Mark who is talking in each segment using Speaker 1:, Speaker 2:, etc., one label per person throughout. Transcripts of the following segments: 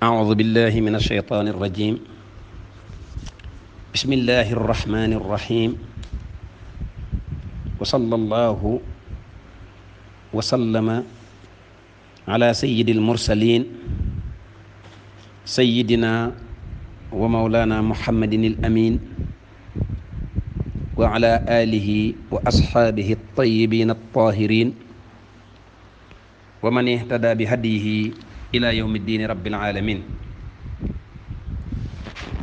Speaker 1: أعوذ بالله من الشيطان الرجيم بسم الله الرحمن الرحيم وصلى الله وسلم على سيد المرسلين سيدنا ومولانا محمد الأمين وعلى آله وأصحابه الطيبين الطاهرين ومن اهتدى بهديه ila yawmi diini rabbil alamin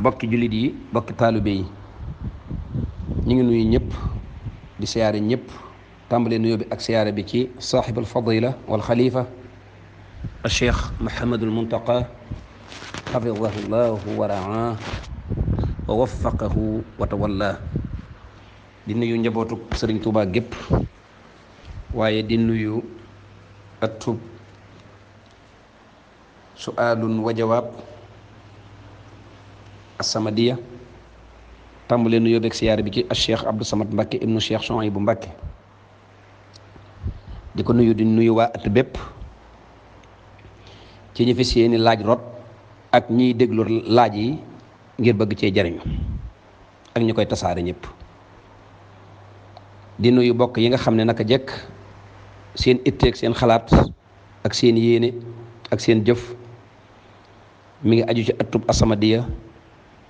Speaker 1: bokki jullit yi bokki taalibe yi ñu ngi nuyu ñëpp di siyaare ñëpp tàmbalee nuyu bi ak siyaare bi ci saaxibul fadila wal xalifa al cheikh Mouhamadul Muntaqa xafidahu llahu wa raa wa waffaqahu di nuyu njabootu Sëriñ Tuubaa gépp waaye di nuyu atub su'aalun wa jawaab asamadiya tàmbalee nuyoo beeg siyaare bi ci Cheikh Abdou Samad Mbacke ibnu Cheikh Souhaïbou Mbacke di ko nuyu di nuyu waa at bépp ci ñi fi seeni laaj rot ak ñiy déglu laaj yi ngir bëgg cee jariñ ak ñi koy tasaare ñépp di nuyu bokk yi nga xam ne naka jekk seen itteeg seen xalaat ak seen yéene ak seen jëf mi ngi aju ci atub asamadiya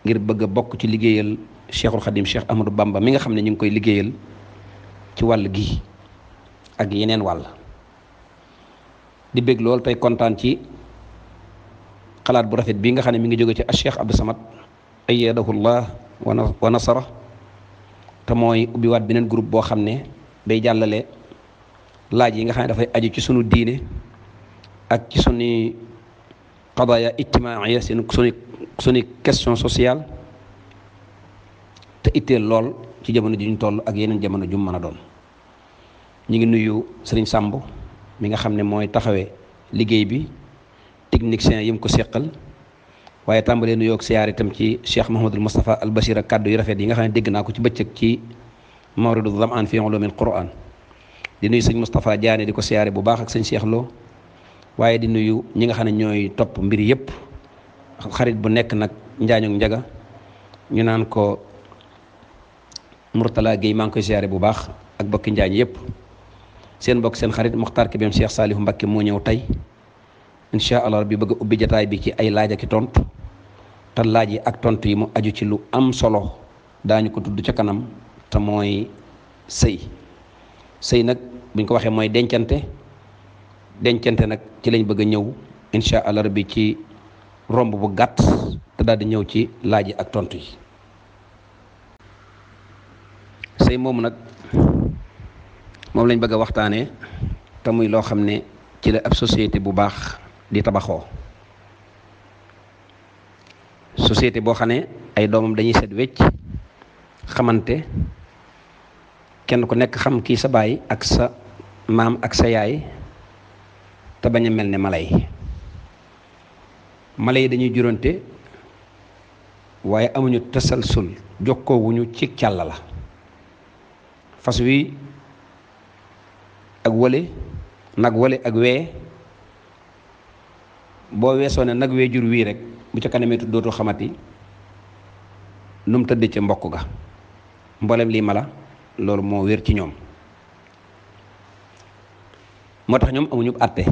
Speaker 1: ngir bëgg a bokk ci liggéeyal cheikhul xadim cheikh ahmadou bamba mi nga xam ne ñu ngi koy liggéeyal ci wàll gi ak yeneen wàll di bég lool tey kontaan ci xalaat bu rafet bii nga xam ne mi ngi jóge ci a cheikh abdou samad ayyadahu llah wa nasara te mooy ubbiwaat beneen groupe boo xam ne bay jàllale laaj yi nga xam ne dafay aju ci sunu diine ak ci sunu qadaya ijtimaaya seen suñu suñu question sociale te itteel lool ci jamono ji ñu toll ak yeneen jamono ju mën a doon ñu ngi nuyu sëriñ Sàmb mi nga xam ne mooy taxawe liggéey bi technicien yi mu ko seqal waaye tàmbalee nuyoo ak siyaar itam ci Cheikh Mouhamadul Moustapha al Bashir ak kàddu yu rafet yi nga xam ne dégg naa ko ci bëccëg ci mawridu zamaan fi ulumil Qur'an di nuy sëñ Moustapha Diané di ko siyaare bu baax ak sëñ Cheikh waaye di nuyu ñi nga xam ne ñooy topp mbir yëpp xarit bu nekk nag njaañog njaga ñu naan ko Mourtala Guèye maa ngi koy siyaare bu baax ak bokki njaañ yëpp seen bokk seen xarit Mokhtar Kébem Cheikh Saliou Mbacké moo ñëw tey incha allah bi bëgg a ubbi jataay bi ci ay laaj ak i tontu te laaj yi ak tontu yi mu aju ci lu am solo daañu ko tudd ca kanam te mooy sëy sëy nag buñ ko waxee mooy dencante dencante nag ci lañ bëgg a ñëw incha allah rabbi ci romb bu gàtt te daal ñëw ci laaj yi ak tontu yi sëy moomu nag moom lañ bëgg a waxtaanee te muy loo xam ne ci la ab société bu baax di tabaxoo société boo xam ne ay doomam dañuy set wecc xamante kenn ku nekk xam kii sa baay ak sa maam ak sa yaay te bañ a mel ni mala yi mala yi dañuy juróonte waaye amuñu tasalsul jokkoowuñu ci càll la fas wi ak wële nag wële ak wee boo weesoo ne nag wee jur wii rek bu ca kanamee dootoo xamati nu mu tëdd ca mbokk ga mboolem lii mala loolu moo wér ci ñoom moo tax ñoom amuñu àtte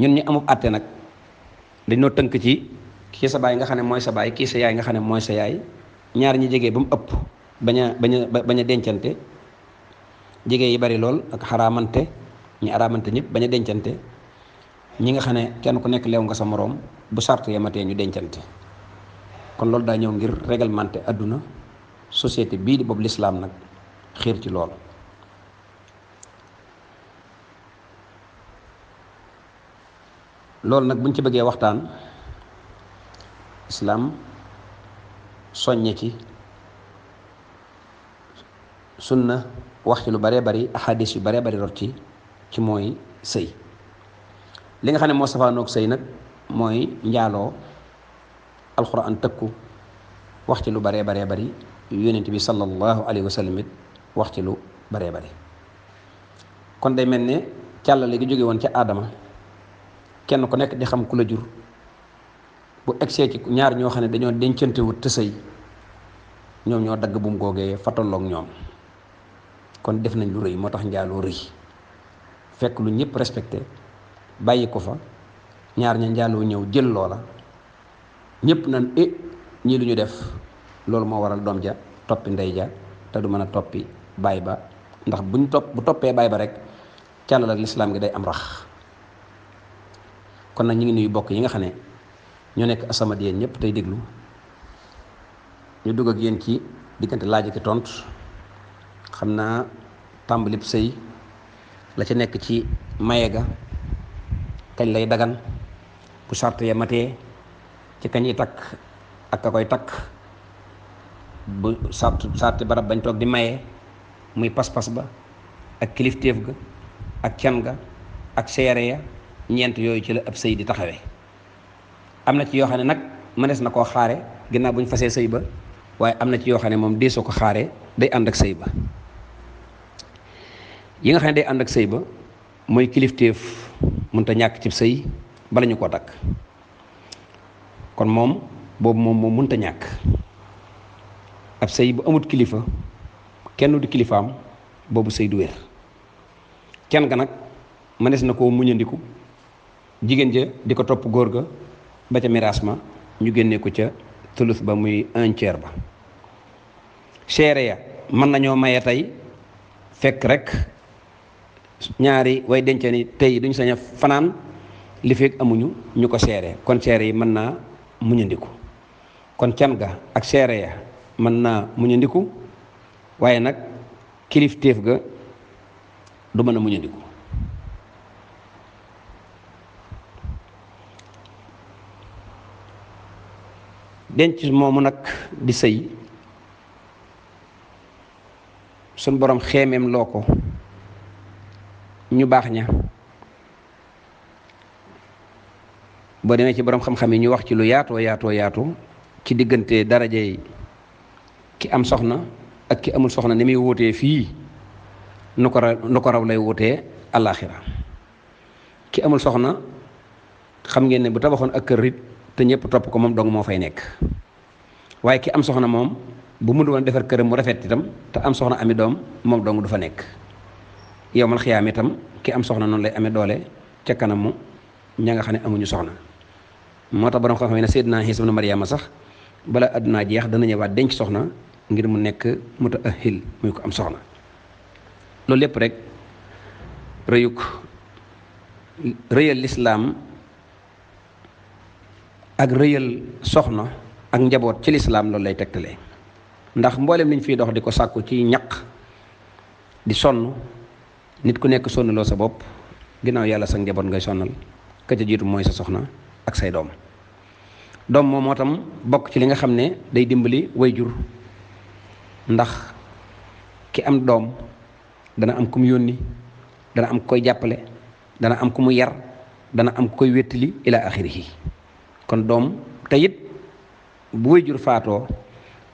Speaker 1: ñun ñu amub àtte nag dañoo tënk ci kii sa baay nga xam ne mooy sa baay kii sa yaay nga xam ne mooy sa yaay ñaar ñi jege ba mu ëpp bañ a bañ bañ a dencante jege yi bari lool ak xaramante ñi araamante ñëpp bañ a dencante ñi nga xam ne kenn ku nekk lew nga sa moroom bu sart yamatee ñu dencante kon loolu daa ñëw ngir réglementer àdduna société bii di boobu lislaam nag xiir ci lool loolu nag buñ ci bëggee waxtaan islaam soññe ci sunna wax ci lu baree bari ahadis yu baree bari rot ci ci mooy sëy li nga xam ne moo safaanoog sëy nag mooy njaaloo alxuraan tëkku wax ci lu baree baree bari yonent bi sallallahu alayhi wa sallam it wax ci lu baree bari kon day mel ne càllale gi jóge woon ci aadama kenn ku nekk di xam ku la jur bu egsee ci ñaar ñoo xam ne dañoo dencante wut te sëy ñoom ñoo dagg bu mu googee fa ñoom kon def nañ lu rëy moo tax njaaloo rëy fekk lu ñëpp respecté bàyyi ko fa ñaar ña njaaloo ñëw jël loola ñëpp nan e ñii lu ñu def loolu moo waral doom ja toppi ndey ja te du mën a toppi baay ba ndax buñ topp bu toppee baay ba rekk càllal ak lislaam gi day am rax kon nag ñu ngi nuyu bokk yi nga xam ne ñoo nekk asamat yéen ñëpp tey déglu ñu dugg ak yéen ci diggante laaj ak tontu xam naa tàmbali sëy la ci nekk ci maye ga kañ lay dagan bu sart ya matee ci kañ yi takk ak a koy takk bu sart barab bañ toog di maye muy pas-pas ba ak kilifteef ga ak can ga ak seere ya ñeent yooyu ci la ab sëy di taxawee am na ci yoo xam ne nag mënees na koo xaare ginnaaw bu ñu fasee sëy ba waaye am na ci yoo xam ne moom soo ko xaare day ànd ak sëy ba yi nga xam ne day ànd ak sëy ba mooy kilifteef mënta ñàkk ci sëy bala koo takk kon moom boobu moom moom mënta ñàkk ab sëy bu amut kilifa kenn du kilifaam boobu sëy du wér kenn ga nag mënees na koo muñandiku jigéen ja di ko topp góor ga ba ca miraas ma ñu génnee ko ca tulus ba muy un ba seere ya mën nañoo maye tey fekk rekk ñaari way dence ni tey duñ sañ a fanaan li fekk amuñu ñu ko seere kon seere yi mën naa muñandiku kon can ga ak seere ya mën naa muñandiku waaye nag kilifteef ga du mën a muñandiku denc moomu nag di sëy suñ boroom xeemeem loo ko ñu baax ña boo demee ci boroom xam-xam yi ñu wax ci lu yaatoo yaato yaatu ci diggante darajey ki am soxna ak ki amul soxna ni muy wóotee fii nu ko raw ko raw lay wóotee àllaaxira ki amul soxna xam ngeen ne bu tabaxoon ak kër rit te ñëpp topp ko moom dong moo fay nekk waaye ki am soxna moom bu mu doon defar këram mu rafet itam te am soxna ami doom moom dong du fa nekk yow mal xiyaam am soxna noonu lay amee doole ca kanamu ña nga xam ne amuñu soxna moo tax borom xam-xam ne Seydina Iisaa ibnu sax bala àdduna jeex dana ñëwaat denc soxna ngir mu nekk mutaahil muy ko am soxna loolu lépp rek rëyuk rëyal lislaam ak rëyal soxna ak njaboot ci lislaam loolu lay tegtalee ndax mboolem liñ fiy dox di ko sàkku ci ñaq di sonn nit ku nekk sonnaloo sa bopp ginnaaw yàlla sa njaboot ngay sonnal ka ca jiitu mooy sa soxna ak say doom doom moom moo tam bokk ci li nga xam ne day dimbali way jur ndax ki am doom dana am ku mu yónni dana am ku koy jàppale dana am ku mu yar dana am ku koy wéttali ila axirihi kon doom te it bu wéyjur faatoo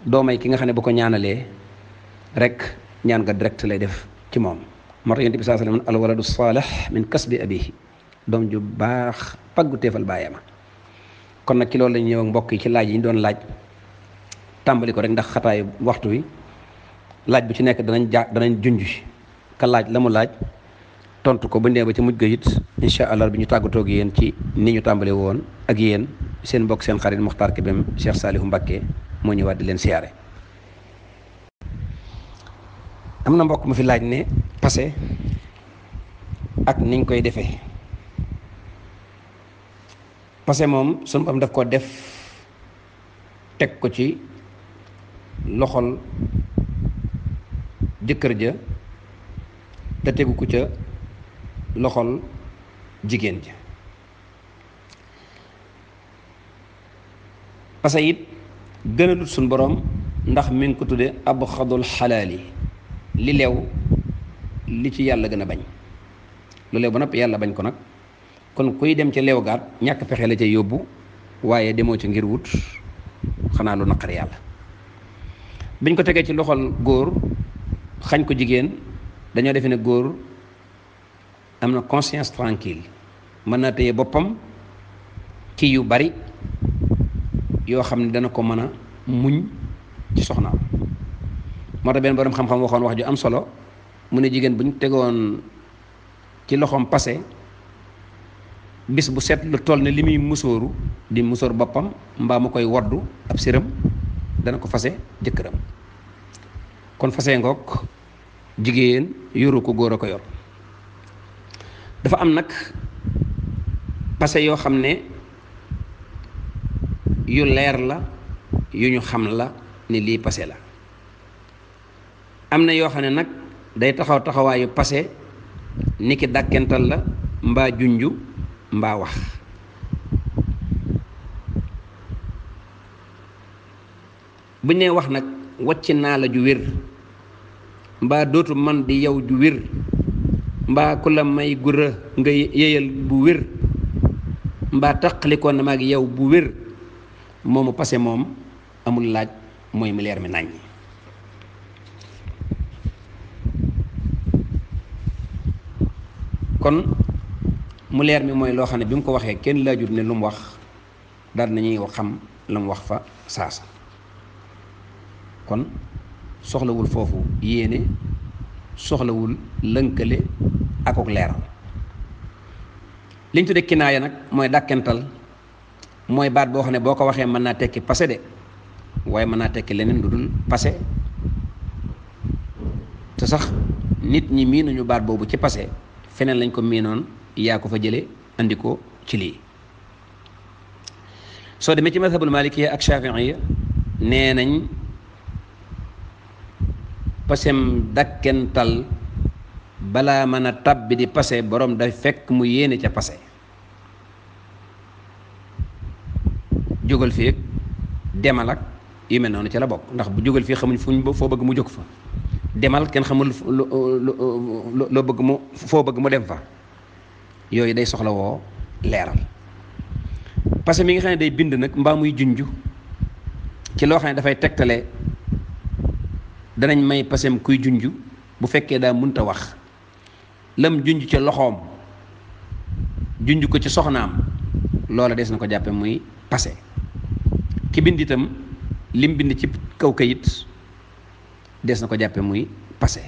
Speaker 1: doomay ki nga xam ne bu ko ñaanalee rek ñaan nga direct lay def ci moom moo tax yonent bi saa sallam al waladu saalih min bi abihi doom ju baax paggu teefal baayama kon nag ci loolu lañu ñëw mbokk yi ci laaj yi ñu doon laaj tàmbali ko rek ndax xataayu waxtu wi laaj bu ci nekk danañ ja danañ junj ka laaj la mu laaj tontu ko bu ñu ba ci mujj ga it incha allah bi ñu tàggatoo ak yéen ci ni ñu tàmbale woon ak yéen seen mbokk seen xarit Muxtaar Kébem Cheikh Saliou Mbacké moo ñëwaat di leen siyaare. am na mbokk mu fi laaj ne passé ak niñ koy defee passé moom sunu am daf ko def teg ko ci loxol jëkkër ja te tegu ko ca. loxol jigéen ji parce que it gën a lut suñ borom ndax mi ngi ko tudde ab xadul xalaali li leew li ci yàlla gën a bañ lu leew ba nopp yàlla bañ ko nag kon kuy dem ci leew gaat ñàkk pexe la ca yóbbu waaye demoo ci ngir wut xanaa lu naqar yàlla biñ ko tegee ci loxol góor xañ ko jigéen dañoo defe ne góor am na conscience tranquille mën na téye boppam ci yu bari yoo xam ne dana ko mën a muñ ci soxnaam moo tax benn borom xam-xam waxoon wax ju am solo mu ne jigéen bu ñu tegoon ci loxoom passé bis bu set lu toll ne li muy musóoru di musóor boppam mbaa mu koy woddu ab siram dana ko fase jëkkëram kon fase ngoog jigéen yoru ko góor a ko yor dafa am nag passé yoo xam ne yu leer la yu ñu xam la ni lii pase la am na yoo xam ne nag day taxaw taxawaayu pase ni ki dàkkental la mbaa junju mbaa wax bu ñu wax nag wàcc naa la ju wér mba dootu man di yow ju wér mbaa ku la may gura nga yéyal bu wér mbaa taqalikoon na maag yow bu wér moomu passé moom amul laaj mooy mu leer mi nañ kon mu leer mi mooy loo xam ne bi mu ko waxee kenn laajut ne lu mu wax daal nañuy xam la mu wax fa saasa kon soxlawul foofu yéene soxlawul lënkale akuk leeral liñ tudde kinaaya nag mooy dàkkental mooy baat boo xam ne boo ko waxee mën naa tekki passé de waaye mën naa tekki leneen lu dul passé te sax nit ñi miinuñu baat boobu ci passé feneen lañ ko miinoon yaa ko fa jële andi ci lii soo demee ci mazhabul malikiya ak shafiiya nee nañ pasem dakkental balaa mën a tabbi di pase boroom day fekk mu yéene ca pase jógal fii demal ak yu mel noonu ca la bokk ndax bu jógal fii xamuñ fuñ foo bëgg mu jóg fa demal kenn xamul loo bëgg mu foo bëgg mu dem fa yooyu day soxla woo leeral parce que mi nga xam ne day bind nag mbaa muy junj ci loo xam ne dafay tegtale danañ may pasem kuy junj bu fekkee daa munta wax lam junj ca loxoom junj ko ci soxnaam loola des na ko jàppe muy pase ki bind itam lim bind ci kaw kayit des na ko jàppe muy pase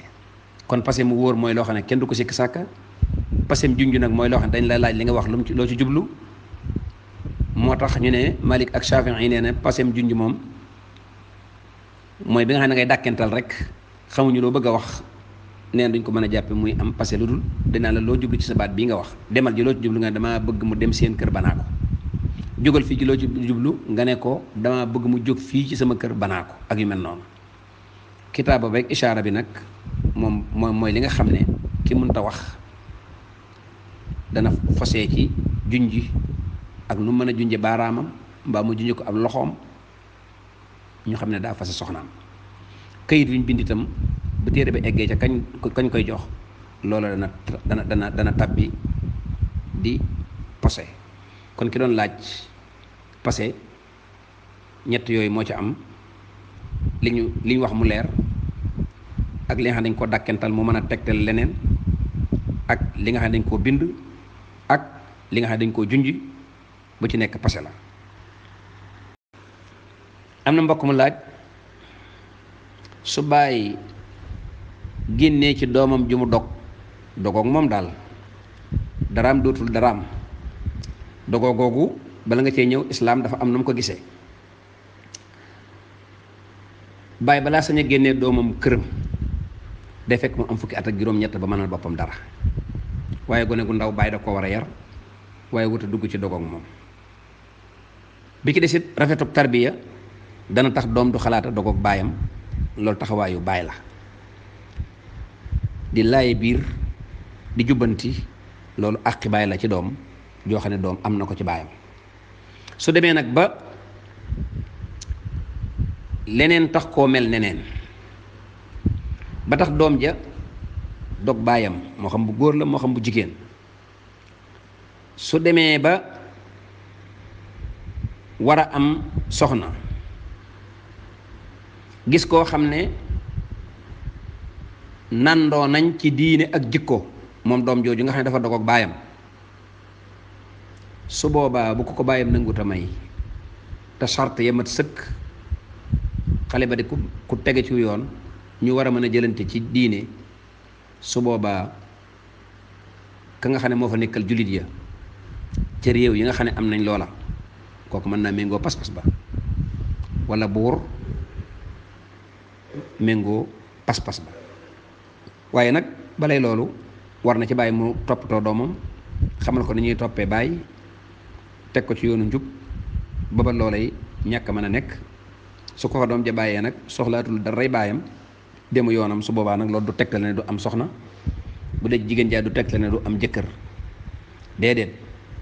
Speaker 1: kon pase mu wóor mooy loo ne kenn du ko sikk sàkka pasem junj nag mooy loxo ne dañ la laaj li nga wax lu loo ci jublu moo tax ñu ne Malik ak Shafi'i nee na pasem junj moom mooy bi nga xam ne ngay dàkkental rek xamuñu loo bëgg a wax nee duñ ko mën a jàpp muy am passé lu dul dinaa la loo jublu ci sa baat bii nga wax demal ji loo ci jublu nga ne bëgg mu dem seen kër banaa ko jógal fii ci loo ci jublu nga ne ko damaa bëgg mu jóg fii ci sama kër banaa ko ak yu mel noonu kitaaba beeg ishaara bi nag moom moom mooy li nga xam ne ki ta wax dana fosee ci junji ak nu mën a junje baaraamam mbaa mu junje ko ab loxoom ñu xam ne daa fase soxnaam kayit wi ñu bind itam bu téere ba eggee ca kañ koy jox loola dana dana dana dana tabbi di posé kon ki doon laaj passé ñett yooyu moo ci am li ñu li ñu wax mu leer ak li nga xam ne dañ koo dàkkental mu mën a tegtal leneen ak li nga xam dañ koo bind ak li nga xam dañ koo junj bu ci nekk passé la am na mbokk mu laaj su bàyyi génnee ci doomam jumu dog dogoog moom daal daraam dootul daraam dogoo googu bala nga cee ñëw islaam dafa am na mu ko gisee bàyyi balaa sañ génnee doomam këram day fekk mu am fukki at ak juróom-ñett ba na boppam dara waaye gone gu ndaw bàyyi da ko war a yar waaye wuta dugg ci dogoog moom bi ci desit rafetub tarbiya dana tax doom du xalaata dogoog baayam loolu taxawaayu baay la di laaye biir di jubbanti loolu àqi baay la ci doom joo xam ne doom am na ko ci baayam su demee nag ba leneen tax koo mel neneen ba tax doom ja dog baayam moo xam bu góor la moo xam bu jigéen su demee ba war a am soxna gis koo xam ne nandoo nañ ci diine ak jikko moom doom jooju nga xam ne dafa dogoog baayam su boobaa bu ko ko baayam nangu ta may te sart ya mat sëkk xale ba de ku ku tege ci yoon ñu war a mën a jëlante ci diine su boobaa ka nga xam ne moo fa nekkal jullit ya ca réew yi nga xam ne am nañ loola kooku mën naa méngoo pas-pas ba wala buur méngoo pas-pas ba waaye nag balay loolu war na ci bàyyi mu toppatoo doomam xamal ko ni ñuy toppee bàyyi teg ko ci yoonu njub ba ba loolay ñàkk mën a nekk su ko fa doom ja bàyyee nag soxlaatul daray baayam demu yoonam su boobaa nag loolu du tegtale ne du am soxna bu dee jigéen jaa du tegtale ne du am jëkkër déedéet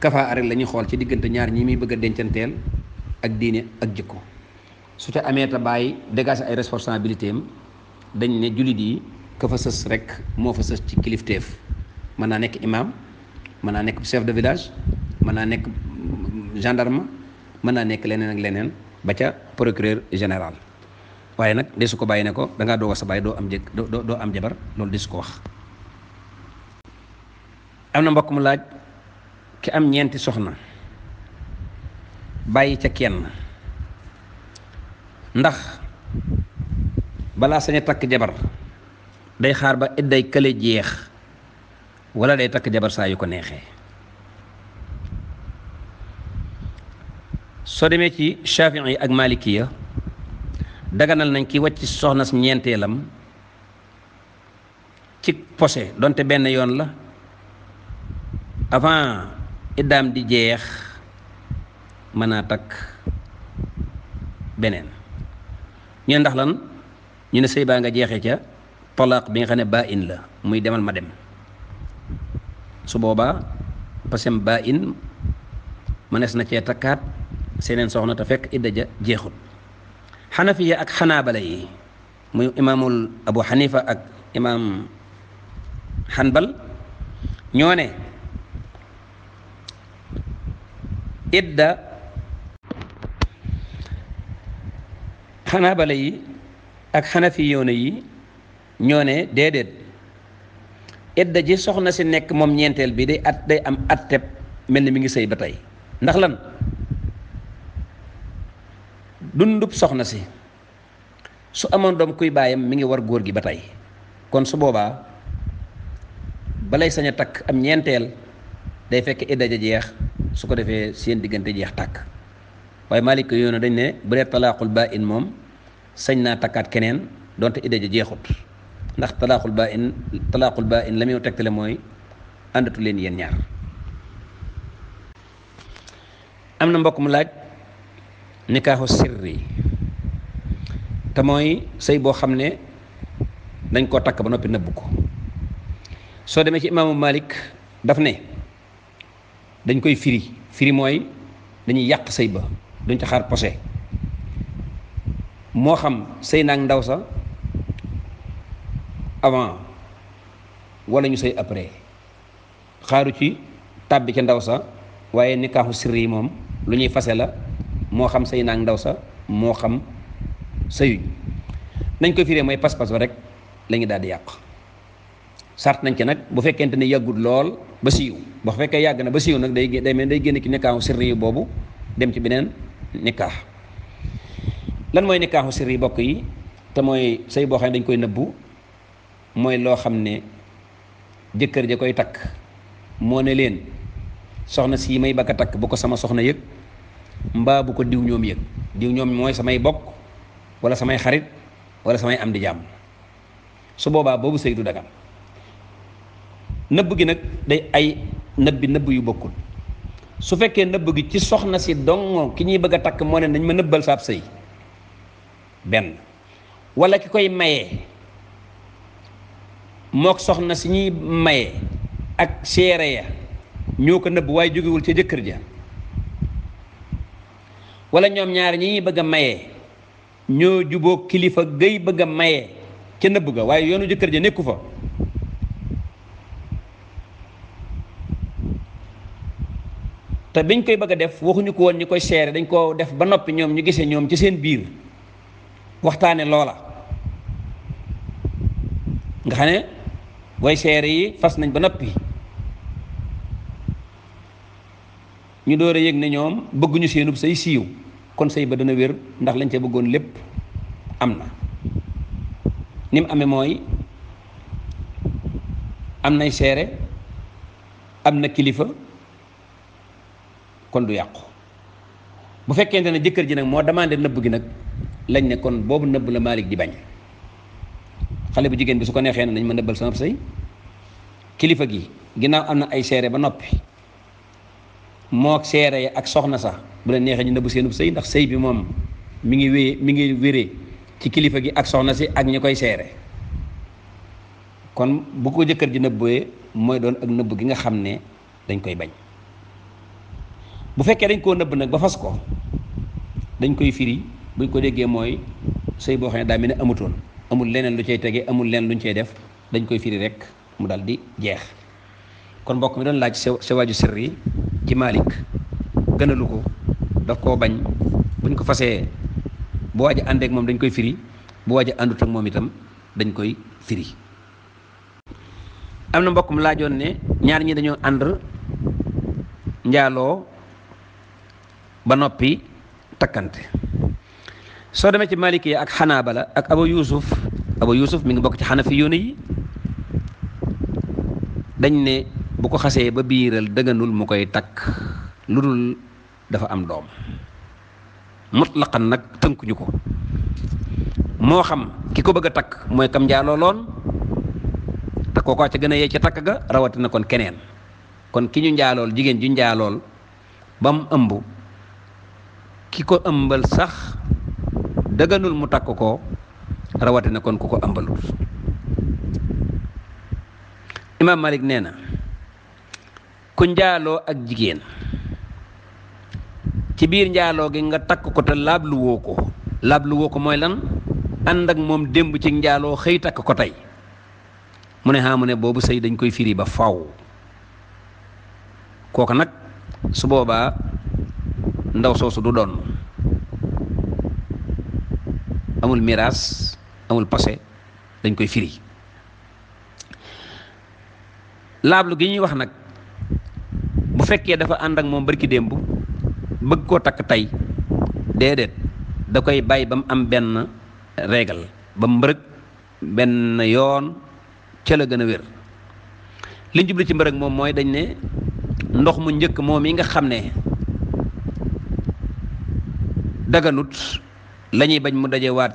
Speaker 1: kafaa are la ñuy xool ci diggante ñaar ñi muy bëgg a dencanteel ak diine ak jikko su ca amee ta bàyyi dégager ay responsabilité am dañ ne jullit yi ka fa sës rek moo fa sës ci kilifteef mën naa nekk imam mën naa nekk chef de village mën naa nekk gendarme mën naa nekk leneen ak leneen ba ca procureur général waaye nag de su ko bàyyi ne ko da ngaa doog sa bàyyi doo am jëkk doo doo am jabar loolu de su ko wax. am na mbokk mu laaj ki am ñeenti soxna bàyyi ca kenn. ndax balaa sañ takk jabar day xaar ba idday kële jeex walla day takk jabar saa yu ko neexee soo demee ci yi ak Maalikiya daganal nañ kiy wàcc soxna si ñeenteelam ci posé donte benn yoon la avant iddaam di jeex mën naa takk beneen ñu ne ndax lan ñu ne sëy baa nga jeexee ca talaaq bi nga xam ne baa in la muy demal ma dem su boobaa pasem ba in mënees na cee takkaat seeneen soxna ta fekk idda ja jeexut xanafiya ak xanaabala yi muy imaamul abu xanifa ak imaam xanbal ñoone idda xanaa bala yi ak xanafi yoone yi ñoo ne déedéet idda ji soxna si nekk moom ñeenteel bi day at day am atteb mel ni mi ngi sëy ba tey ndax lan dundub soxna si su amoon doom kuy baayam mi ngi war góor gi ba tey kon su boobaa balay sañ a takk am ñeenteel day fekk idda jeex su ko defee seen diggante jeex tàkk waaye Maalik yoona dañ ne bu dee talaaqul baa in moom sañ naa takkaat keneen donte idée ji jeexut ndax talaaqul baa in talaaqul baa in la muy tegtale mooy àndatu leen yéen ñaar am na mbokk mu laaj nikaaxu sirri te mooy sëy boo xam ne dañ koo takk ba noppi nëbbu ko soo demee ci imaamu Malik daf ne dañ koy firi firi mooy dañuy yàq sëy ba duñ ca xaar posé moo xam sëy naag ndaw sa avant wala ñu sëy après xaaru ci tàbbi ca ndaw sa waaye nikaaxu sirri yi moom lu ñuy fase la moo xam sëy naag ndaw sa moo xam sëyuñ nañ ko firee mooy pas-pas ba rek la ñu daal di yàq sart nañ ci nag bu fekkente ne yàggut lool ba siiw bu fekkee yàgg na ba siiw nag day day mel day génn ci nikaaxu sirri boobu dem ci beneen nikaax lan mooy nikaaxu sirri bokk yi te mooy sëy boo xam ne dañ koy nëbbu mooy loo xam ne jëkkër ja koy takk moo ne leen soxna si may bakka takk bu ko sama soxna yëg mbaa bu ko diw ñoom yëg diw ñoom mooy samay bokk wala samay xarit wala samay am di jàmm su boobaa boobu sëy du dagan nëbb gi nag day ay nëbbi nëbb yu bokkul su fekkee nëbb gi ci soxna si dong ki ñuy bëgg a takk moo ne nañ ma nëbbal saab sëy benn walla ki koy maye mook soxna si ñuy mayee ak seere ya ñoo ko nëbb waaye jógewul ca jëkkër ja wala ñoom ñaari ñu ñuy bëgg a mayee ñoo juboo kilifa gay bëgg a mayee ca nëbb ga waaye yoonu jëkkër ja nekku fa te biñ koy bëgg a def waxuñu ko woon ñu koy seere dañ ko def ba noppi ñoom ñu gisee ñoom ci seen biir waxtaane loola nga xam ne way seere yi fas nañ ba noppi ñu door a yëg ne ñoom bëgguñu seenub say siiw kon say ba dana wér ndax lañ ca bëggoon lépp am na ni mu amee mooy am nay seere am na kilifa kon du yàqu bu fekkente ne jëkkër ji nag moo demandé nëbb gi nag lañ ne kon boobu nëbb la Malick di bañ xale bu jigéen bi su ko neexee ne nañ ma nëbbal sama sëy kilifa gi ginnaaw am na ay seere ba noppi mook seere ak soxna sax bu leen neexee ñu nëbb seenub sëy ndax sëy bi moom mi ngi wée mi ngi wére ci kilifa gi ak soxna si ak ñi koy seere kon bu ko jëkkër ji nëbbee mooy doon ak nëbb gi nga xam ne dañ koy bañ bu fekkee dañ koo nëbb nag ba fas ko dañ koy firi buñ ko déggee mooy sëy boo xam ne daa mel ne amutoon amul leneen lu cay tege amul leneen luñ cay def dañ koy firi rek mu dal di jeex kon mbokk mi doon laaj sewaaju sirri ci Malick gënalu ko daf koo bañ buñ ko fasee bu waaj a moom dañ koy firi bu waaj a moom itam dañ koy firi am na mbokk mu laajoon ne ñaar ñi dañoo ànd njaaloo ba noppi takkante soo demee ci maliki ya ak xanaa bala ak abu yusuf abu yusuf mi ngi bokk ci xanafi yoon yi dañ ne bu ko xasee ba biiral dëgganul mu koy takk lu dul dafa am doom mutlaqan nag tënkuñu ko moo xam ki ko bëgg a takk mooy kam njaalooloon te kookoo ca gën a yee ca takk ga rawatina kon keneen kon ki ñu njaalool jigéen ju njaalool ba mu ëmb ki ko ëmbal sax daganul mu takk ko rawatina kon ku ko ëmbalul imaam Malik nee na ku njaaloo ak jigéen ci biir njaaloo gi nga takk ko te laablu woo ko laablu woo ko mooy lan ànd moom démb ci njaaloo xëy takk ko tey mu ne mu ne boobu sëy dañ koy firi ba faw kooka nag su boobaa ndaw soosu du doon amul miraas amul passé dañ koy firi laablu gi ñuy wax nag bu fekkee dafa ànd ak moom barki démb bëgg koo takk tey déedéet da koy bàyyi ba mu am benn régal ba mbërëg benn yoon ca la gën a wér liñ jublu ci mbërëg moom mooy dañ ne ndox mu njëkk moom yi nga xam ne daganut lañuy bañ mu dajewaat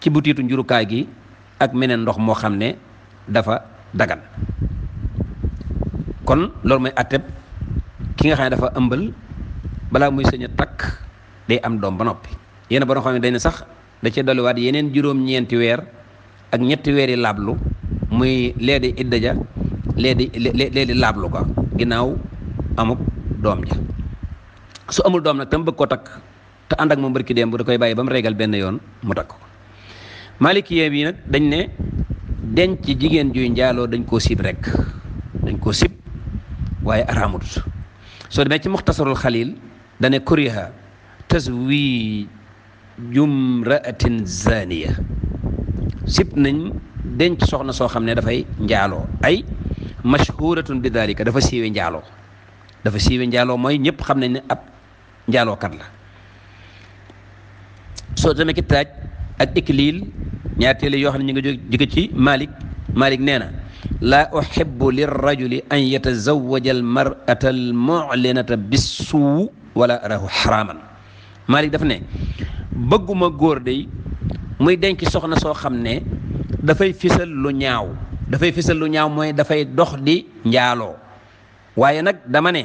Speaker 1: ci butiitu njurukaay gi ak meneen ndox moo xam ne dafa dagan kon loolu mooy atteb ki nga xam ne dafa ëmbal balaa muy sëñ takk day am doom ba noppi yéen ba nga xam ne dañ sax da cee dolliwaat yeneen juróom-ñeenti weer ak ñetti weeri laablu muy lee di idda ja lee di lee di laablu ko ginnaaw amub doom ja su amul doom nag tam bëgg koo takk te ànd ak moom dem démb da koy bàyyi ba mu régal benn yoon mu takk ko malikiye bi nag dañ ne denc jigéen juy njaaloo dañ koo sib rek dañ koo sib waaye araamut soo demee ci muxtasarul xalil dane kuriha tazwijum ra'atin zaniya sib nañ denc soxna soo xam ne dafay njaaloo ay mashhuratun bi daalika dafa siiwe njaaloo dafa siiwe njaaloo mooy ñëpp xam nañ ne ab kat la soo demee ki taaj ak ikliil ñaar téere yoo xam ne ñu ngi jóge ci Malik Malik nee na laa uhibbu lirrajuli an yatazawaja almar'ata almu'linata bissuu wala arahu xaraaman Malik daf ne bëgguma góor day muy denc soxna soo xam ne dafay fisal lu ñaaw dafay fisal lu ñaaw mooy dafay dox di njaaloo waaye nag dama ne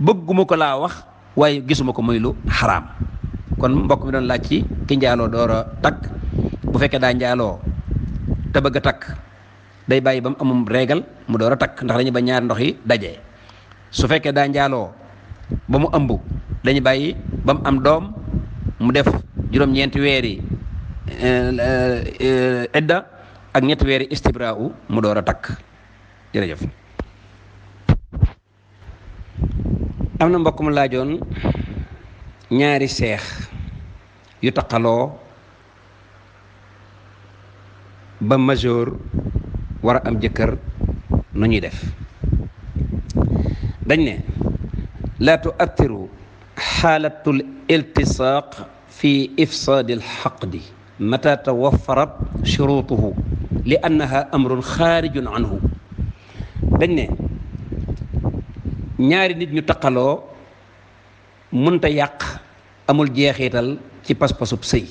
Speaker 1: bëgguma ko laa wax waaye gisuma ko muy lu xaraam kon mbokk mi doon laaj ci ki njaaloo door a takk bu fekkee daa njaaloo te bëgg a takk day bàyyi ba mu amum régal mu door a takk ndax dañuy ba ñaari ndox yi daje su fekkee daa njaaloo ba mu ëmb dañuy bàyyi ba mu am doom mu def juróom-ñeenti weer yi edda eh, eh, eh, ak ñetti weeri yi mu door a takk jërëjëf am na mbokk laajoon ñaari seex yu taqaloo ba majeur wara am jëkkër nu ñuy def dañ ne laa tuattiru xaalatul iltisaaq fi ifsaadi alxaqdi mata tawafarat shurutuhu li annaha amrun xaarijun anhu dañ ne ñaari nit ñu taqaloo mënta yàq amul jeexital ci pas-pasub sëy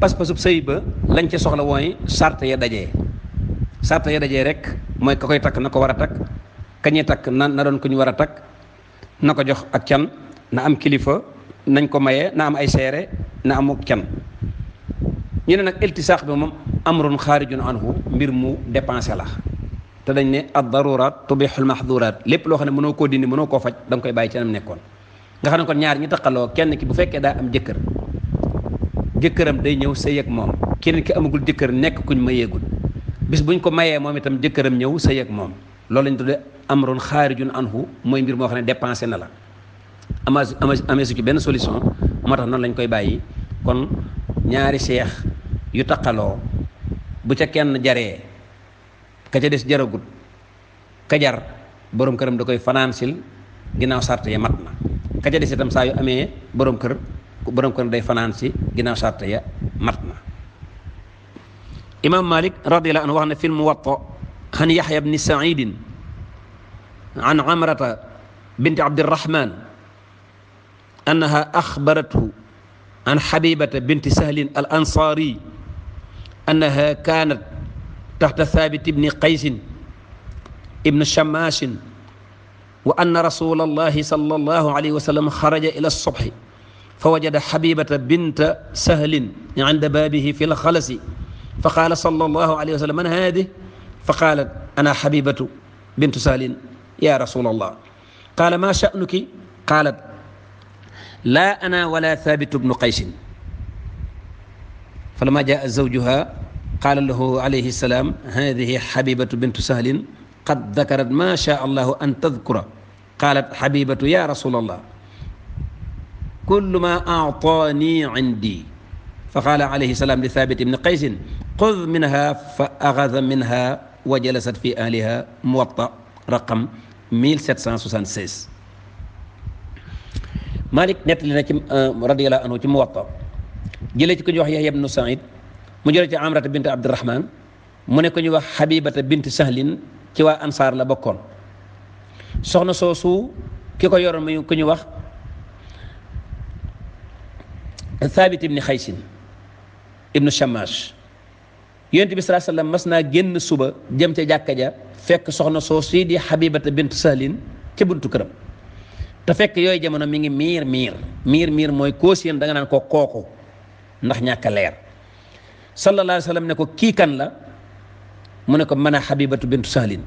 Speaker 1: pas-pasub sëy ba lañ ca soxla wooy sart ya daje sart ya daje rek mooy ka koy takk na ko war a takk kañuy takk na na doon ko ñu war a takk na ko jox ak can na am kilifa nañ ko maye na am ay seere na am amuk can ñu ne nag iltisaax bi moom am amrun xaarijun anhu mbir mu dépensé la te dañ ne ad darurat tubixul mahduraat lépp loo xam ne mënoo koo dindi mënoo koo faj da nga koy bàyyi ci nam nekkoon nga xam ne kon ñaari ñu taqaloo kenn ki bu fekkee daa am jëkkër jëkkëram day ñëw sa yëg moom keneen ki amagul jëkkër nekk kuñ mayeegul bis buñ ko mayee moom itam jëkkëram ñëw sa ak moom loolu lañ tuddee amrun xaarijun anhu mooy mbir moo xam ne dépensé na la ama amee su ci benn solution moo tax noonu lañ koy bàyyi kon ñaari seex yu taqaloo bu ca kenn jaree ka ca des jaragut kajar boroom këram da koy fanaan sil ginnaaw sart ya mat na ka ca des itam saa yu amee borom kër borom kër day fanaan si ginnaaw sart ya mat na imam malik radiyallahu anhu wax ne fil muwatta an yaxya bni saidin an amrata binti abdirahman annaha axbarathu an xabibata binti sahlin al ansaari annaha kaanat taxta thabit ibni qaysin ibni shamaashin wa anna rasula allahi sallallahu alayhi wa sallam xaraja ila subhi fa wajada xabibata binta sahlin inda baabihi fi lxalasi fa qaala sallallahu alayhi wa sallam man haadi fa qaalat ana xabibatu bintu sahlin ya rasula allah qaala maa sha'nuki qaalat laa ana wala thaabitu bnu qaysin fa lammaa jaa zawjuha qaala lahu alayhi salaam haadihi xabibatu bintu sahlin qad dakarat ma shaa allahu an tadkura qaalat xabibatu ya rasul allah kullu ma aataani indi fa qaala alayhi salaam li thabit ibni qaysin xud minha fa axada minha wa jalasat fi ahliha muwatta raqam 1776 Malik nettali na ci euh, radiyallahu anhu ci muwatta jëlee ci ku ñuy wax Yahya ibnu Saïd mu jëlee ci Amrata bint Abdurahman mu ne ku ñuy wax Habibata bint Sahlin ci waa ansaar la bokkoon soxna soosu ki ko yoroon muy ku ñu wax thabit ibni xaysin ibnu shamash yonent bi salaa sallam mas naa génn suba jëm ca jàkka ja fekk soxna soosu yi di xabibata bint sahlin ca buntu këram te fekk yooyu jamono mi ngi miir miir miir miir mooy koo seen da naan ko kooku ndax ñàkk a leer sallallahu alayhi wa ne ko kii kan la mu ne ko man a xabibatu bintu sahlin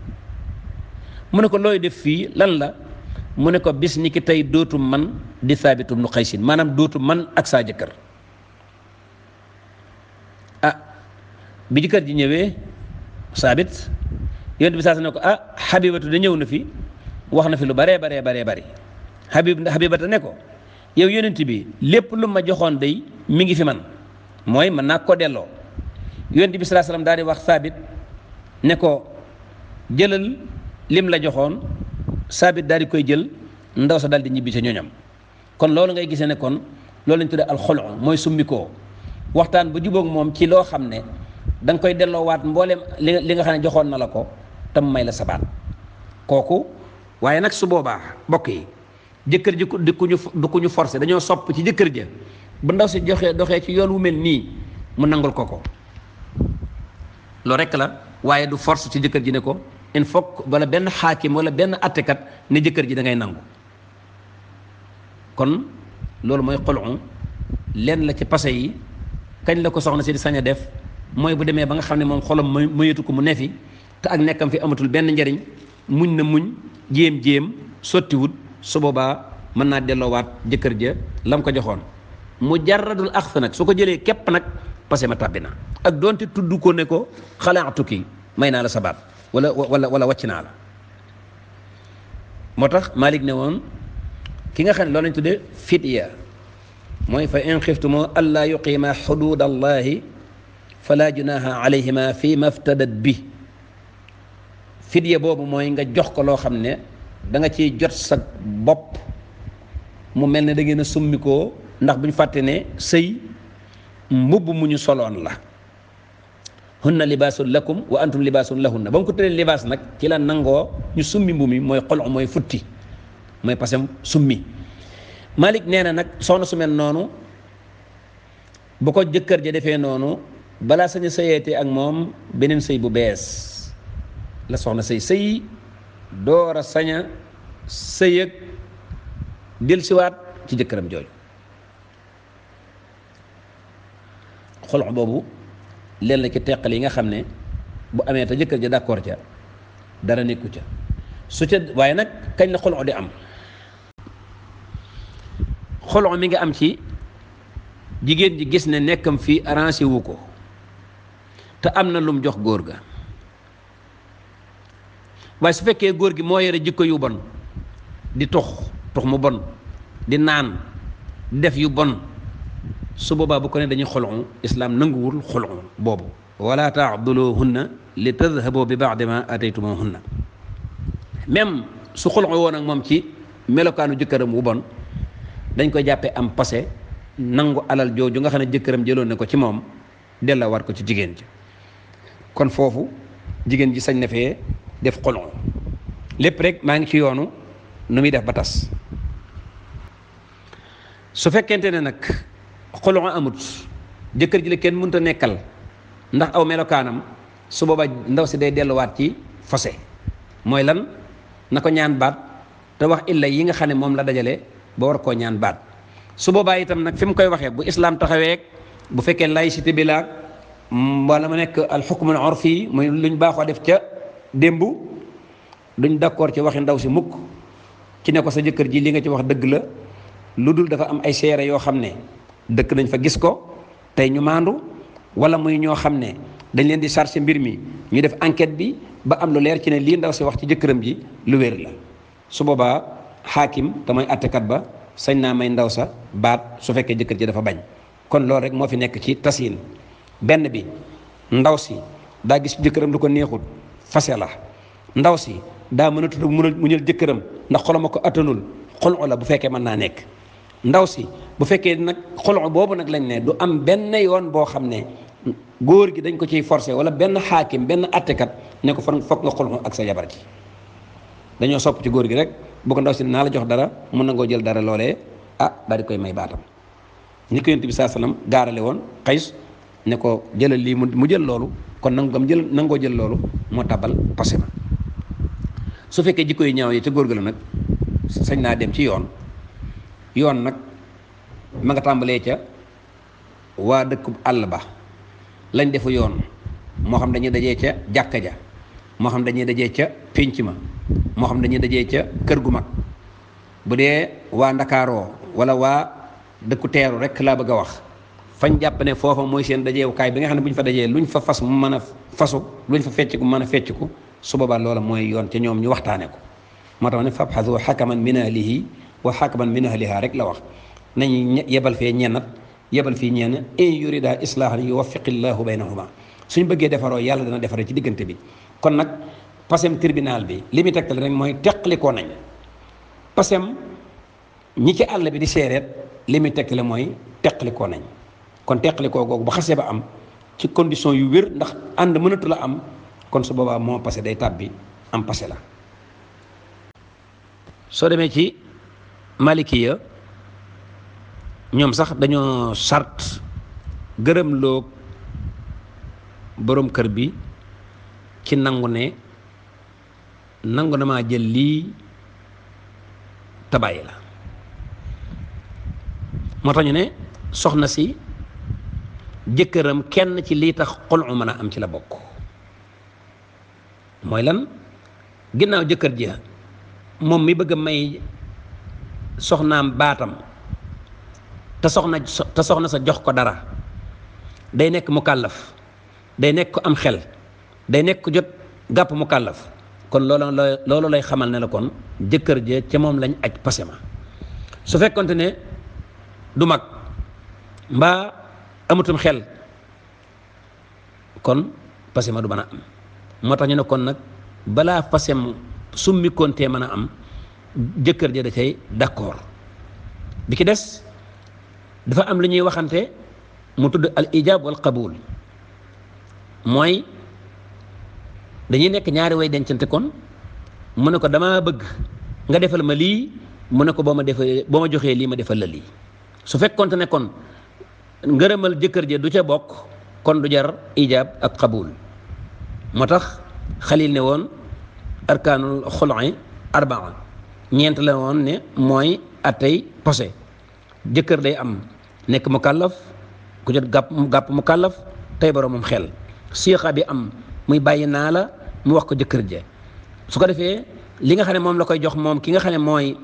Speaker 1: mu ne ko looy def fii lan la mu ne ko bis ni ki tey dootu man di saabitu nu xaysin maanaam dootu man ak saa jëkkër ah bi jëkkër ji ñëwee saabit yonent bi saa ne ko ah xabibatu da ñëw na fii wax na fi lu baree baree baree bari xabib xabibata ne ko yow yonent bi lépp lu ma joxoon day mi ngi fi man mooy mën naa ko delloo yonent bi salaa salaam daal di wax saabit ne ko jëlal lim la joxoon saabit daal di koy jël ndaw sa daal di ñibbi ca ñoñam kon loolu ngay gisee ne kon loolu lañ tuddee alxolo mooy summikoo waxtaan ba jubook moom ci loo xam ne danga koy delloowaat mbooleem li li nga xam ne joxoon na la ko tam may la sabaat kooku waaye nag su boobaa bokk yi jëkkër ji du ku ñu ku ñu forcé dañoo sopp ci jëkkër ja bu ndaw si joxee doxee ci yoon wu mel nii mu nangul ko ko loolu rekk la waaye du force ci jëkkër ji ne ko il faut wala benn xaakim wala benn atekat ne jëkkër ji da ngay nangu kon loolu mooy xolon lenn la ci passé yi kañ la ko soxna si di sañ def mooy bu demee ba nga xam ne moom xolam moyetu ko mu ne fi te ak nekkam fi amatul benn njariñ muñ na muñ jéem-jéem sottiwut su boobaa mën naa delloowaat jëkkër ja lam ko joxoon mu jaradul ax nag su ko jëlee képp nag passé ma tàbbi na ak doonte tudd ko ne ko xalaatu tukki may naa la sabaat wala wala wala wàcc naa la moo tax Malik ne woon ki nga xam ne loolu lañ tudd fidya mooy fa in xiftumoo allaa yuqiima xuduud allahi fala junaha alayhima fi maftadat bi fidya boobu mooy nga jox ko loo xam ne danga ci ciy jot sa bopp mu mel ne da ngeen a summi koo ndax bu fàtte ne sëy mbubb mu ñu soloon la hunna libaasun lakum wa antum libaasun lahunna ba mu ko tëddee libaas nag ci la nangoo ñu summi mbu mi mooy xol mooy futti mooy pasem summi Malik nee na nag soxna su noonu bu ko jëkkër ja defee noonu balaa sañu sëyeete ak moom beneen sëy bu bees la soxna sëy sëy door a saña sëy ak dellusiwaat ci jëkkëram jooju xolox boobu leen la ci teqal yi nga xam ne bu amee te jëkkër ja d'accord ca dara nekku ca su ca waaye nag kañ la xolox di am xolox mi nga am ci jigéen ji gis ne nekkam fii arrangé wu ko te am na lum jox góor ga waaye su fekkee góor gi moo yore jikko yu bon di tux tux mu bon di naan def yu bon su boobaa bu ko ne dañuy xolon islaam nanguwul xolon boobu wala taaduluhunna li tadhabu bi baadi ma ataytumuhunna même su xolon woon ak moom ci melokaanu jëkkëram wu bon dañ koy jàppee am passé nangu alal jooju nga xam ne jëkkëram jëloon na ko ci moom della war ko ci jigéen ji kon foofu jigéen ji sañ na fee def xolon lépp rek maa ngi ci yoonu nu muy def ba tas su fekkente ne nag xolon amut jëkkër ji la kenn mënut nekkal ndax aw melokaanam su booba ndaw si day delluwaat ci fosé mooy lan na ko ñaan baat te wax illa yi nga xam ne moom la dajale ba war koo ñaan baat su boobaa itam nag fi mu koy waxee bu islam taxaweek bu fekkee laïcité bi laag mm, wala mu nekk alxukmul orfi muy luñ baaxoo def ca démb duñ d'accord ci waxi ndaw si mukk ci ne ko sa jëkkër ji li nga ci wax dëgg la lu dul dafa am ay seere yoo xam ne dëkk nañ fa gis ko tey ñu maandu wala muy ñoo xam ne dañ leen di chargé mbir mi ñu def enquête bi ba am lu leer ci ne lii ndaw si wax ci jëkkëram ji lu wér la su boobaa xaakim te mooy attekat ba sañ naa may ndaw sa baat su fekkee jëkkër ji dafa bañ kon loolu rek moo fi nekk ci tasiin benn bi ndaw si daa gis jëkkëram lu ko neexul fase la ndaw si daa mënatul mu muñal jëkkëram ndax xolam a ko attanul xol la bu fekkee mën naa nekk ndaw si bu fekkee nag xoloo boobu nag lañ ne du am benn yoon boo xam ne góor gi dañ ko ciy forcé wala benn xaakim benn attekat ne ko fan foog nga xoloo ak sa jabar ji dañoo sopp ci góor gi rek boo ko ndaw si naa la jox dara mun na jël dara loolee ah daal koy may baatam ni ko yonent bi saa gaarale woon xays ne ko jëlal lii mu jël loolu kon nangam jël nangoo jël loolu moo tabal passé ma su fekkee jikko yi ñaaw yi te góor gi la nag sañ naa dem ci yoon yoon nag ma nga tàmbalee ca waa dëkkub àll ba lañ defu yoon moo xam dañuy daje ca jàkka ja moo xam dañuy daje ca pénc ma moo xam dañuy daje ca kër gu mag bu dee waa ndakaaroo wala waa dëkku teeru rekk laa bëgg a wax fañ jàpp ne foofa mooy seen dajeewukaay bi nga xam ne bu fa dajee luñ fa fas mu mën a fasu luñ fa fecciku mën a fecciku su boobaa loola mooy yoon ca ñoom ñu waxtaane ko moo tax ne fabxasu xakaman min ahlihi wa xakman min ahliha rek la wax nañ yebal fee ñennat yebal fii ñenn in yurida islaahan yuwaffiqillahu baynahuma suñ bëggee defaroo yàlla dana defaree ci diggante bi kon nag pasem tribunal bi li muy tegtal rek mooy teqlikoo nañ pasem ñi ci àll bi di seereet li muy tegtale mooy teqlikoo nañ kon teqlikoo googu ba xasee ba am ci condition yu wér ndax ànd mënatu la am kon su boobaa moo passé day tàbbi am passé la malikiya ñoom sax dañoo sart gërëm look boroom kër bi ci nangu ne nangu na maa jël lii tabaay la moo tax ñu ne soxna si jëkkëram kenn ci lii tax xolu mën am ci la bokk mooy lan ginnaaw jëkkër ji moom mi bëgg may soxnaam baatam te soxna soxna sa jox ko dara day nekk mu kàllaf day nekk ko am xel day nekk jot gàpp mu kàllaf kon loolu loolu lay xamal ne la kon jëkkër jee ca moom lañ aj pase ma su fekkonte ne du mag mbaa amatum xel kon passé ma du mën a am moo tax ñu ne kon nag balaa passé mu summi kontee mën a am jëkkër ja da cay d'accord bi ki des dafa am lu ñuy waxante mu tudd al ijab wal qabul mooy dañuy nekk ñaari way dencante kon mu ne ko dama bëgg nga defal ma lii mu ne ko boo ma defee boo ma joxee lii ma defal la lii su fekkonte ne kon ngërëmal jëkkër ja du ca bokk kon du jar ijab ak qabul moo tax xalil ne woon arkaanul xul'i arbaa ñeent la woon ne mooy atay posé jëkkër day am nekk mu kàllaf ku jot gàpp gàpp mu kàllaf tey moom xel siixa bi am muy bàyyi naa la mu wax ko jëkkër je su ko defee li nga xam ne moom la koy jox moom ki nga xam ne mooy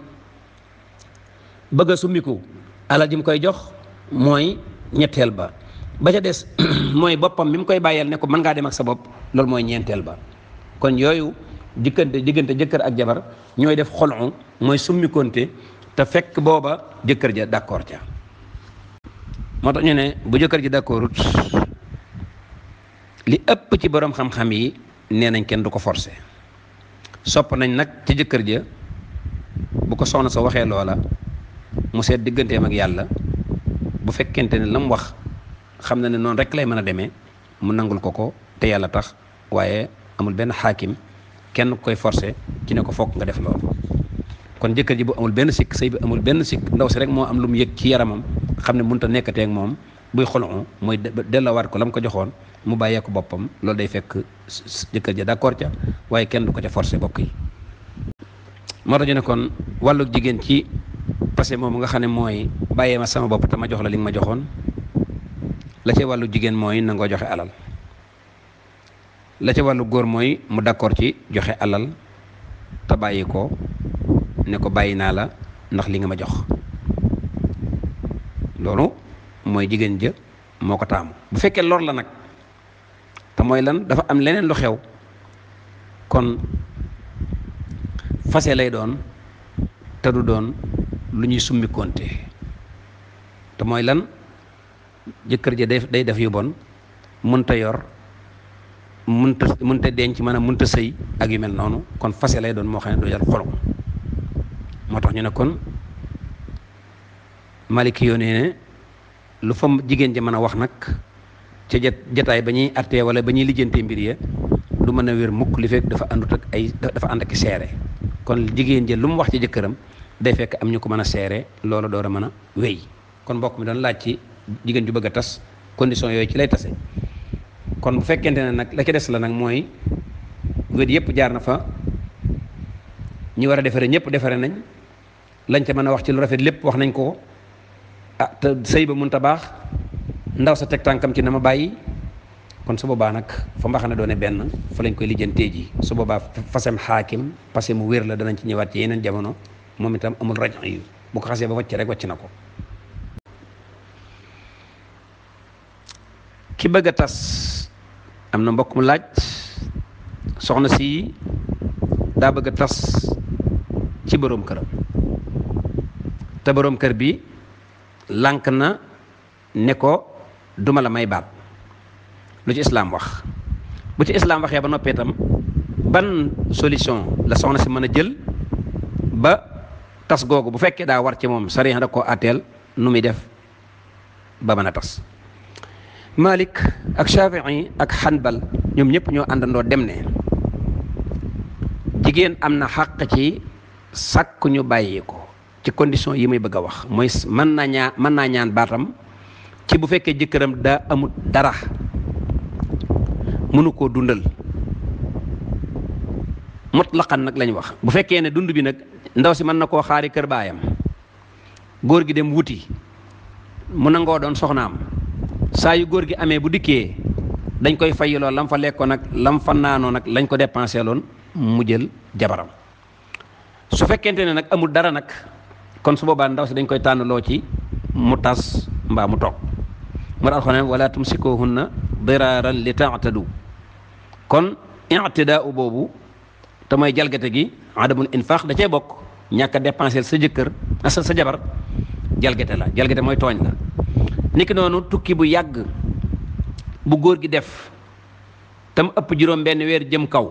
Speaker 1: bëgg a summiku alal ji mu koy jox mooy ñetteel ba ba ca des mooy boppam mi mu koy bàyyeel ne ko mën ngaa dem ak sa bopp loolu mooy ñeenteel ba kon yooyu diggante diggante jëkkër ak jabar ñooy def xolon mooy summi te fekk booba jëkkër ja d'accord ca moo tax ñu ne bu jëkkër ji d'accordut li ëpp ci boroom xam-xam yi nee nañ kenn du ko forcer sopp nañ nag ci jëkkër ja bu ko soxna sa waxee loola mu seet digganteem ak yàlla bu fekkente ne la mu wax xam na ne noonu rek lay mën a demee mu nangul ko ko te yàlla tax waaye amul benn xaakim kenn ku koy forcé ci ne ko fokk nga def loolu kon jëkkër ji bu amul benn sikk sëy bi amul benn sikk ndaw si rek moo am lu mu yëg ci yaramam xam ne mënut a nekkatee ak moom buy xolon mooy delloowaat ko la mu ko joxoon mu bàyyee ko boppam loolu day fekk jëkkër ja d'accord ca waaye kenn du ko ca bokk yi moo tax ñu ne kon wàllu jigéen ci passé moom nga xam ne mooy bàyyee ma sama bopp te ma jox la li nga ma joxoon la ca wàllu jigéen mooy nangoo joxe alal la ca wàllu góor mooy mu d'accord ci joxe alal te bàyyi ko ne ko bàyyi naa la ndax li nga ma jox loolu mooy jigéen ja moo ko taamu bu fekkee lor la nag te mooy lan dafa am leneen lu xew kon fase lay doon te du doon lu ñuy summi te mooy lan jëkkër ja day def yu bon mënta yor mënta mënta denc mën maanaam mënta sëy ak yu mel noonu kon fase lay doon moo xam ne du yar xolom moo tax ñu ne kon maliki yoo nee lu fa jigéen ji mën a wax nag ca jataay ba ñuy attee wala ba ñuy lijjantee mbir ya lu mën a wér mukk li fekk dafa àndut ay dafa ànd ak seere kon jigéen ji lu mu wax ci jëkkëram day fekk am ñu ko mën a seere loolu doo a mën a wéy kon mbokk mi doon laaj ci jigéen ju bëgg a tas condition yooyu ci lay tase kon bu fekkente ne nag la ca des la nag mooy wet yëpp jaar na fa ñi war a defare ñëpp defaree nañ lañ ca mën a wax ci lu rafet lépp wax nañ ko ah te sëy ba mun ta baax ndaw sa teg tànkam ci na ma bàyyi kon su boobaa nag fa mbaxana doone benn fa lañ koy lijjantee ji su boobaa fasem xaakim parce que mu wér la danañ ci ñëwaat ci yeneen jamono moom itam amul raj yu bu xasee ba wàcc rek wàcc na ko ki bëgg a tas am na mbokk mu laaj soxna si daa bëgg a tas ci boroom këram te boroom kër bi lànk na ne ko duma la may baat lu ci islaam wax bu ci islaam waxee ba noppee itam ban solution la soxna si mën a jël ba tas googu bu fekkee daa war ci moom sariya da koo àtteel nu muy def ba mën a tas Malik ak Shafii ak Hanbal ñoom ñëpp ñoo àndandoo dem ne jigéen am na xàq ci sàkk ñu bàyyi ko ci condition yi muy bëgg a wax mooy mën naa ñaan mën baatam ci bu fekkee jëkkëram daa amut dara mënu koo dundal mutlaqan nag lañ wax bu fekkee ne dund bi nag ndaw si mën na koo xaari kër baayam góor gi dem wuti mu nangoo doon soxnaam saa yu góor gi amee bu dikkee dañ koy fayiloo lam fa lekkoon ak lam fa naanoo nag lañ ko dépensé loon mu jël jabaram su fekkente ne nag amul dara nag kon su boobaa ndaw si dañ koy tànnloo ci mu tas mbaa mu toog mu daal xone wala tumsikuhunna diraaran li taatadu kon ictidaa u boobu te mooy jalgate gi adamul infaq da cee bokk ñàkk a sa jëkkër sa sa jabar jalgate la jalgate mooy tooñ la niki noonu tukki bu yàgg bu góor gi def tam ëpp juróom benn weer jëm kaw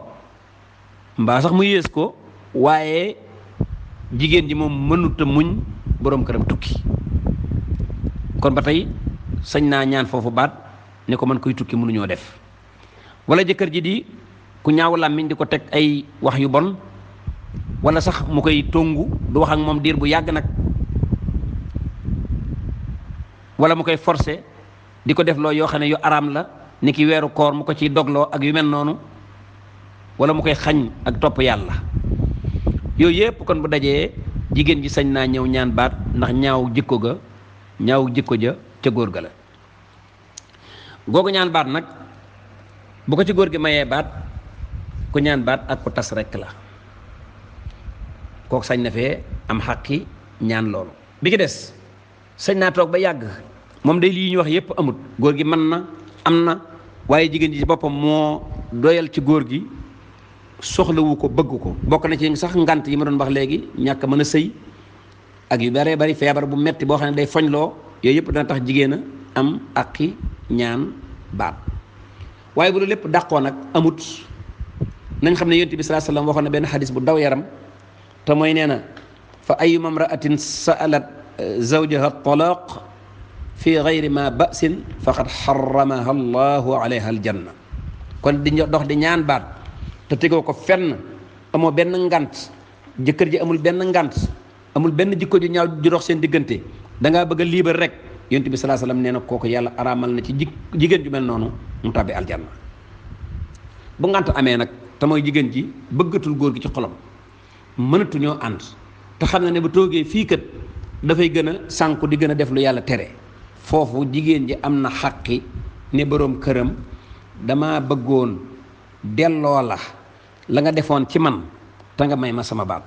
Speaker 1: mbaa sax mu yées ko waaye jigéen ji moom mënuta muñ boroom këram tukki kon ba tey sañ naa ñaan foofu baat ne ko man koy tukki mënuñoo def wala jëkkër ji di ku ñaaw làmmiñ di ko teg ay wax yu bon wala sax mu koy tongu du wax moom diir bu yàgg nag wala mu koy forcé di ko def loo yoo xam ne yu araam la ni ki weeru koor mu ko ciy dogloo ak yu mel noonu wala mu koy xañ ak topp yàlla yooyu yëpp kon bu dajee jigéen ji sañ naa ñëw ñaan baat ndax ñaaw jikko ga ñaaw jikko ja ca góor ga la googu ñaan baat nag bu ko ci góor gi mayee baat ku ñaan baat ak ku tas rekk la kooku sañ na fee am xaqi ñaan loolu bi ki des sañ naa toog ba yàgg moom day lii ñu wax yépp amut góor gi man na am na waaye jigéen ji ci boppam moo doyal ci góor gi soxlawu ko bëgg ko bokk na ci sax ngant yi ma doon wax léegi ñàkk mën a sëy ak yu baree bari feebar bu metti boo xam ne day foñloo yooyu yëpp dana tax jigéen a am aqi ñaan baat waaye bu lu lépp dàqoo nag amut nañ xam ne yonent bi salaa sallam waxoon na benn xadis bu daw yaram te mooy nee na fa ayuma mraatin saalat zawjaha talaaq fi gayri ma basin faqad xaramaha allahu alayha aljanna kon di dox di ñaan baat te tegoo ko fenn amoo benn ngant jëkkër ji amul benn ngant amul benn jikko ju ñaaw ju seen diggante danga ngaa bëgg liibar rek yonent bi salaa salaam nee nag kooku yàlla araamal na ci jikk jigéen ju mel noonu mu tàbbi aljanna bu ngant amee nag te mooy jigéen ji bëggatul góor gi ci xolam mënatu ñoo ànd na ne fii kat dafay gën a sànku di gën a def lu yàlla tere foofu jigéen ji am na xaqi ne boroom këram dama bëggoon delloo la la nga defoon ci man te nga may ma sama baat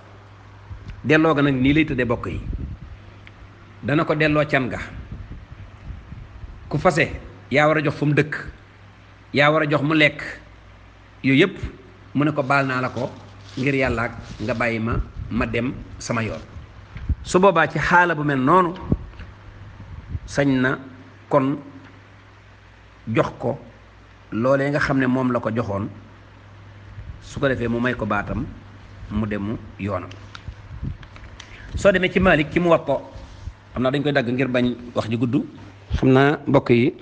Speaker 1: delloo ga nag nii lay tëddee bokk yi dana ko delloo can ga ku fase yaa war a jox fu mu dëkk yaa war a jox mu lekk yooyu yëpp mu ne ko baal naa la ko ngir yàlla nga bàyyi ma ma dem sama yoon su boobaa ci xaala bu mel noonu sañ na kon jox ko loolee nga xam ne moom la ko joxoon su ko defee mu may ko baatam mu demu yoonam soo demee ci Malik ki mu wappo xam naa dañ koy dagg ngir bañ wax ji gudd xam naa mbokk yi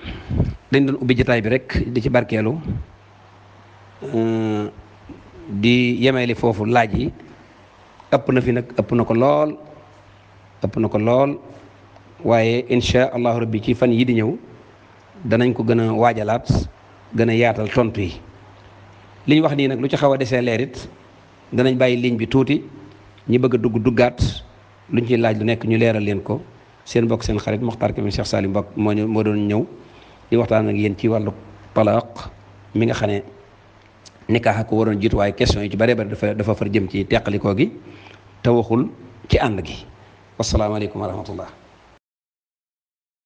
Speaker 1: dañ doon ubbi jataay bi rek di ci barkeelu euh, di yemeeli foofu laaj yi ëpp na fi nag ëpp na ko lool ëpp na ko lool waaye incha allahu rabbi ci fan yii di ñëw danañ ko gën a waajalaat gën a yaatal tontu yi li ñu wax nii nag lu ci xaw a desee leerit danañ bàyyi ligne bi tuuti ñi bëgg a dugg duggaat luñ ci laaj lu nekk ñu leeral leen ko seen mbokk seen xarit Mokhtar Kébé Cheikh Salim Mbokk moo ñu moo doon ñëw di waxtaan ak yéen ci wàllu talaaq mi nga xam ne nikaax ko waroon jiitu waaye question yi ci bare bare dafa dafa far jëm ci teqalikoo gi te waxul ci ànd gi. wasalaamaaleykum wa rahmatullah